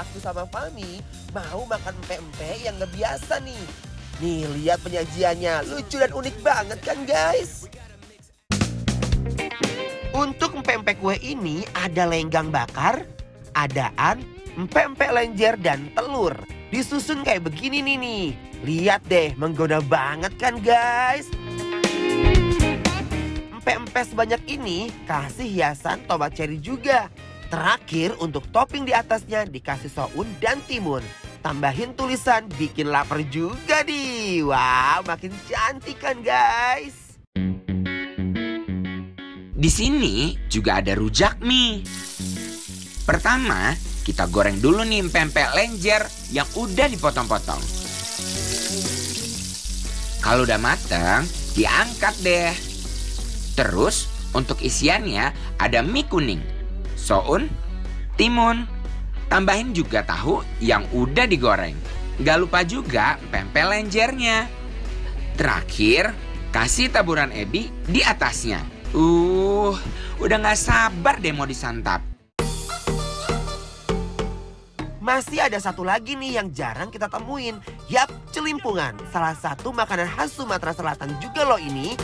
aku sama Fami mau makan pempek yang gak biasa nih. Nih, lihat penyajiannya. Lucu dan unik banget kan guys? Untuk pempek kue ini ada lenggang bakar, adaan, pempek lenjer, dan telur. Disusun kayak begini nih nih. Lihat deh, menggoda banget kan guys? Pempek sebanyak ini kasih hiasan tomat cherry juga Terakhir untuk topping di atasnya dikasih soun dan timun. Tambahin tulisan bikin lapar juga di. Wow, makin cantik kan guys. Di sini juga ada rujak mie. Pertama, kita goreng dulu nih pempek lenjer yang udah dipotong-potong. Kalau udah matang diangkat deh. Terus, untuk isiannya ada mie kuning soun, timun. Tambahin juga tahu yang udah digoreng. Gak lupa juga pempek lenjernya. Terakhir, kasih taburan ebi di atasnya. Uh, udah gak sabar deh mau disantap. Masih ada satu lagi nih yang jarang kita temuin. Yap, celimpungan. Salah satu makanan khas Sumatera Selatan juga loh ini.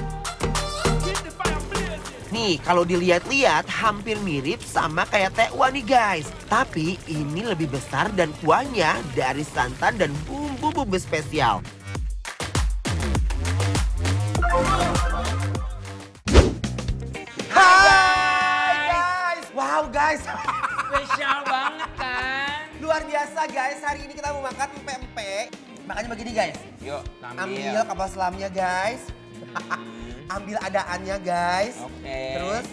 Nih, kalau dilihat-lihat hampir mirip sama kayak tekwa nih guys. Tapi ini lebih besar dan kuahnya dari santan dan bumbu-bumbu spesial. guys. Spesial banget kan? Luar biasa guys, hari ini kita mau makan pempek. Makanya begini guys. Yuk, ambil. Ambil kapal selamnya guys. ambil adaannya guys. Oke. Okay. Terus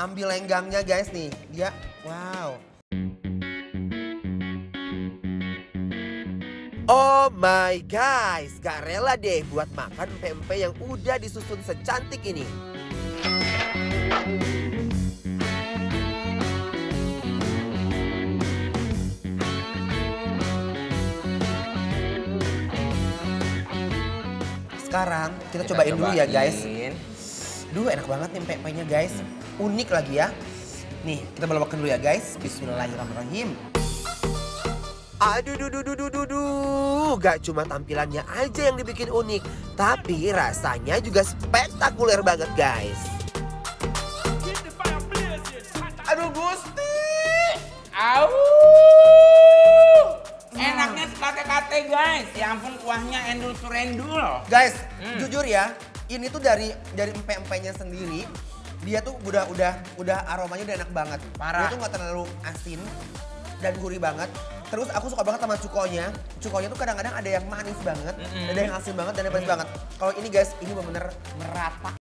ambil lenggangnya guys nih. Dia wow. Oh my guys, gak rela deh buat makan pempek yang udah disusun secantik ini. Sekarang kita, kita cobain, cobain dulu ya guys. Duh enak banget nih pepenya guys. Hmm. Unik lagi ya. Nih kita belawakan dulu ya guys. Bismillahirrahmanirrahim. Aduh, duh, duh, duh, duh, duh, duh. Gak cuma tampilannya aja yang dibikin unik, tapi rasanya juga spektakuler banget guys. Aduh Gusti, auuu sate guys. Ya ampun kuahnya endul surendul. Guys, hmm. jujur ya, ini tuh dari dari empe sendiri. Dia tuh udah udah udah aromanya udah enak banget. Parah. Dia tuh nggak terlalu asin dan gurih banget. Terus aku suka banget sama cukonya. Cukonya tuh kadang-kadang ada yang manis banget, mm -hmm. ada yang asin banget, dan yang pedas mm -hmm. banget. Kalau ini guys, ini benar-benar merata